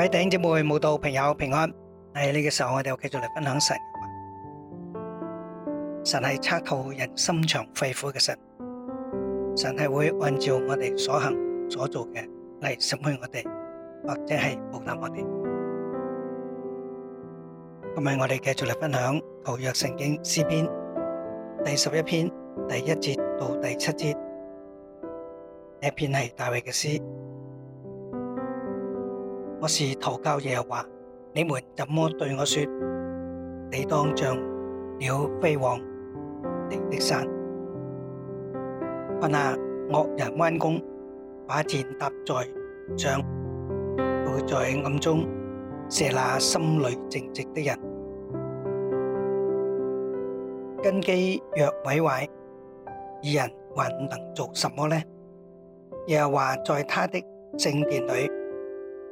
各位弟兄姊妹、慕道朋友平安。喺呢個時候，我哋又繼續嚟分享神嘅話。神係測透人心腸肺腑嘅神，神係會按照我哋所行所做嘅嚟審判我哋，或者係報答我哋。今日我哋繼續嚟分享舊約聖經詩篇第十一篇第一節到第七節，呢篇係大衛嘅詩。我是投靠耶和華，你們怎麼對我說？你當像鳥飛往你的山，看哪惡人彎弓，把箭搭在弦上，要在暗中射那心裡正直的人。根基若毀壞，義人還能做什麼呢？耶和華在他的聖殿裡。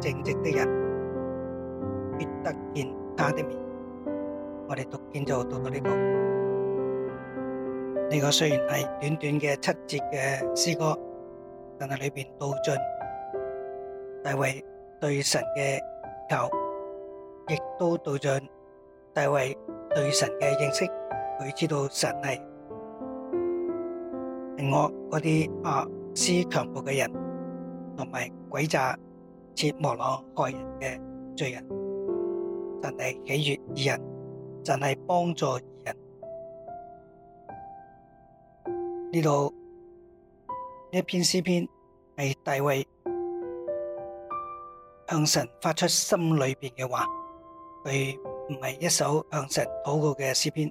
正直的人，必得見他的面。我哋讀完就讀到呢度。呢個，雖然係短短嘅七節嘅詩歌，但係裏邊道盡大衛對神嘅求，亦都道盡大衛對神嘅認識。佢知道神係恨惡嗰啲啊施強暴嘅人，同埋詭詐。切莫浪害人嘅罪人，盡係喜悦二人，盡係幫助二人。呢度呢篇詩篇係大衛向神發出心裏邊嘅話，佢唔係一首向神禱告嘅詩篇，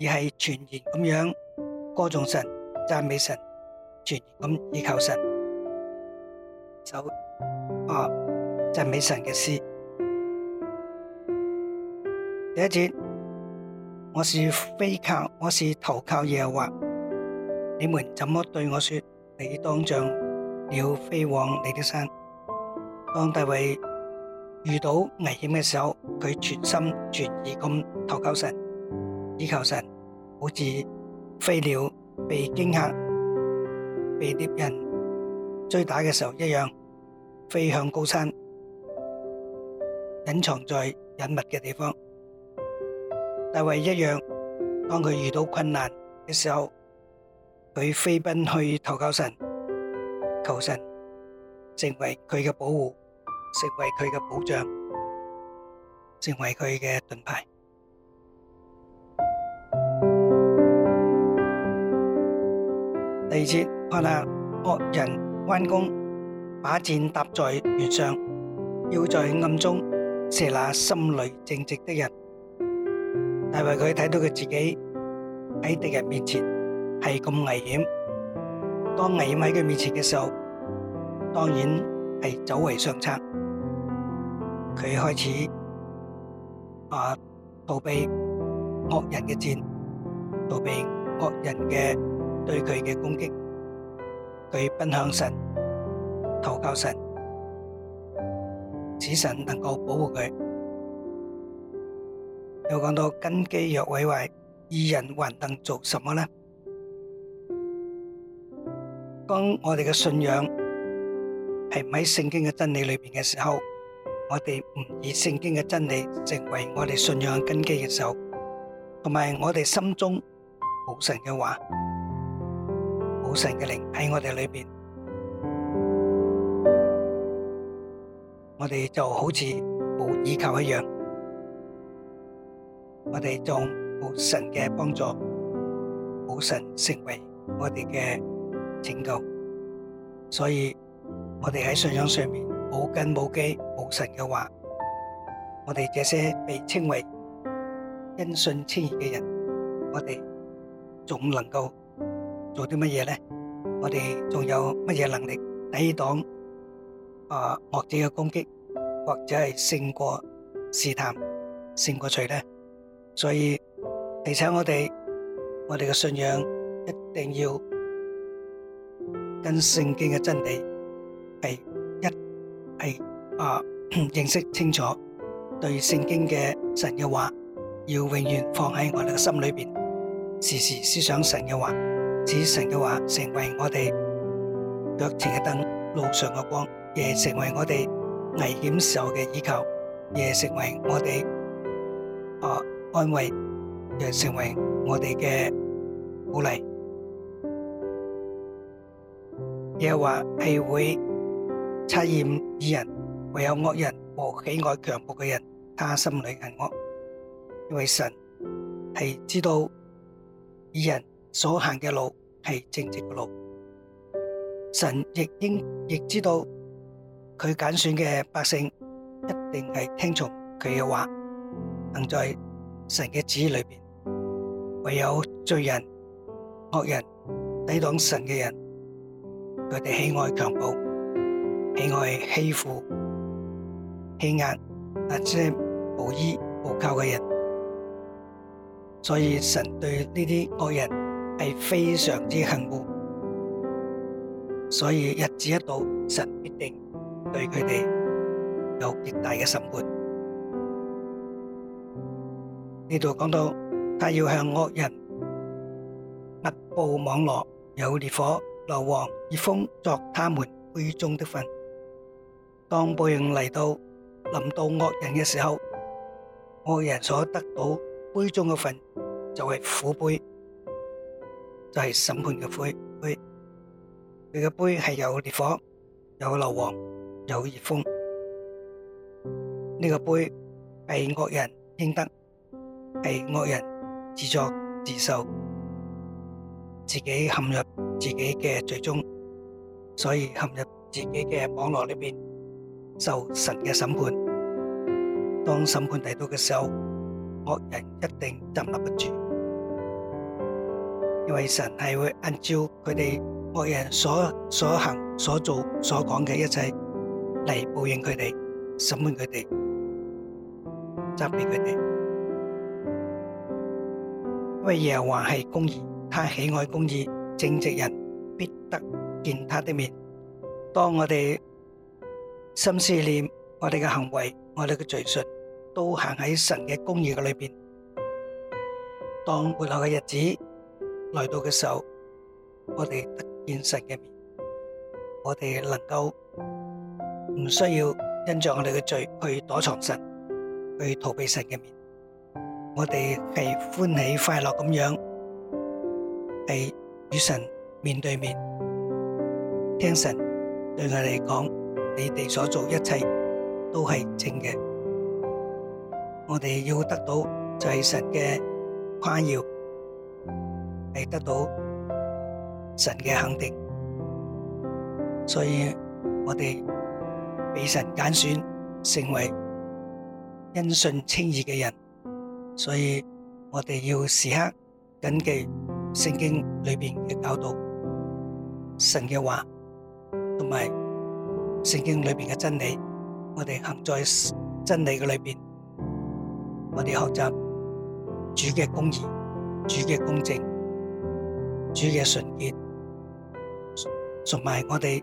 而係全然咁樣歌頌神、讚美神、全然咁倚靠神。首啊！就係美神嘅詩。第一節，我是飛靠，我是投靠耶和華。你們怎麼對我說：你當像鳥飛往你的山？當大衛遇到危險嘅時候，佢全心全意咁投靠神，祈求神，好似飛鳥被驚嚇、被獵人追打嘅時候一樣。飛向高山，隱藏在隱密嘅地方。大衛一樣，當佢遇到困難嘅時候，佢飛奔去投靠神，求神成為佢嘅保護，成為佢嘅保障，成為佢嘅盾牌。第二次，睇到惡人彎弓。把箭搭在弦上，要在暗中射那心裏正直的人。大衛佢睇到佢自己喺敵人面前係咁危險，當危險喺佢面前嘅時候，當然係走為上策。佢開始啊逃避惡人嘅箭，逃避惡人嘅對佢嘅攻擊。佢奔向神。投靠神，使神能夠保護佢。又講到根基若毀壞，義人還能做什麼呢？當我哋嘅信仰係唔喺聖經嘅真理裏邊嘅時候，我哋唔以聖經嘅真理成為我哋信仰嘅根基嘅時候，同埋我哋心中冇神嘅話，冇神嘅靈喺我哋裡邊。我哋就好似無依靠一樣，我哋仲無神嘅幫助，無神成為我哋嘅拯救。所以我哋喺信仰上面冇根冇基冇神嘅話，我哋這些被稱為因信稱義嘅人，我哋仲能夠做啲乜嘢呢？我哋仲有乜嘢能力抵擋？啊！惡者嘅攻擊，或者係勝過試探、勝過罪咧，所以提醒我哋，我哋嘅信仰一定要跟聖經嘅真理係一係啊，認識清楚對聖經嘅神嘅話，要永遠放喺我哋嘅心裏邊，時時思想神嘅話，使神嘅話成為我哋腳前嘅燈，路上嘅光。也成為我哋危險時候嘅依靠，亦成為我哋啊安慰，亦成為我哋嘅鼓勵。耶和華係會測驗義人，唯有惡人和喜愛強暴嘅人，他心裏恨惡。因為神係知道義人所行嘅路係正直嘅路，神亦應亦知道。佢揀選嘅百姓一定係聽從佢嘅話，能在神嘅旨意裏邊。唯有罪人、惡人、抵擋神嘅人，佢哋喜愛強暴、喜愛欺負、欺壓那些無依無靠嘅人。所以神對呢啲惡人係非常之恨惡。所以日子一到，神必定。對佢哋有極大嘅審判。呢度講到，他要向惡人密布網羅，有烈火、硫磺、熱風作他們杯中的分。當報應嚟到，臨到惡人嘅時候，惡人所得到杯中嘅分就係苦杯，就係審判嘅灰灰。佢嘅杯係有烈火，有硫磺。有熱風，呢個杯係惡人應得，係惡人自作自受，自己陷入自己嘅罪中，所以陷入自己嘅網絡裏邊受神嘅審判。當審判提到嘅時候，惡人一定站立不住，因為神係會按照佢哋惡人所所行、所做、所講嘅一切，嚟報應佢哋，審問佢哋，責備佢哋。因為耶和華係公義，他喜愛公義，正直人必得見他的面。當我哋心思念我哋嘅行為，我哋嘅罪行都行喺神嘅公義嘅裏邊。當末後嘅日子來到嘅時候，我哋得見神嘅面，我哋能夠。唔需要因着我哋嘅罪去躲藏神，去逃避神嘅面。我哋係歡喜快樂咁樣，係與神面對面，聽神對我哋嚟講：你哋所做一切都係正嘅。我哋要得到就係神嘅誇耀，係得到神嘅肯定。所以，我哋。俾神揀選成為因信稱義嘅人，所以我哋要時刻緊記聖經裏面嘅教導、神嘅話同埋聖經裏面嘅真理。我哋行在真理嘅裏面，我哋學習主嘅公義、主嘅公正、主嘅純潔，同埋我哋。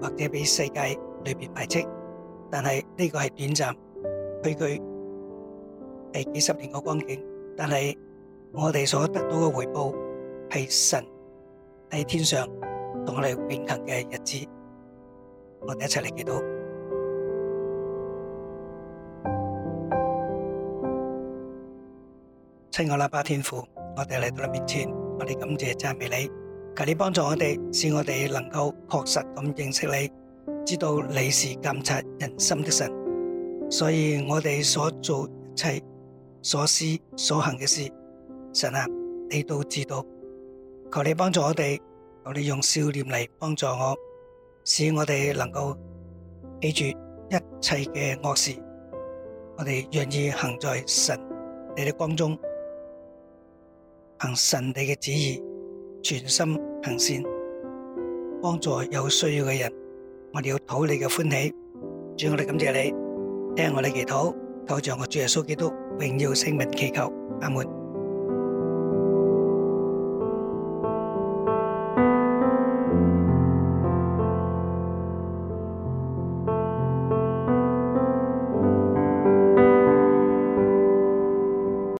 或者被世界裏邊排斥，但係呢個係短暫，區區幾十年個光景，但係我哋所得到嘅回報係神喺天上同我哋永恆嘅日子，我哋一齊嚟祈禱。親愛嘅阿爸天父，我哋嚟到你面前，我哋感謝讚美你。求你幫助我哋，使我哋能夠確實咁認識你，知道你是監察人心的神。所以我哋所做一切、所思所行嘅事，神啊，你都知道。求你幫助我哋，求你用笑臉嚟幫助我，使我哋能夠記住一切嘅惡事。我哋願意行在神你嘅光中，行神你嘅旨意。全心行善，幫助有需要嘅人。我哋要討你嘅歡喜，主，我哋感謝你，聽我哋祈禱，求像我主耶穌基督榮耀聖名祈求，阿門。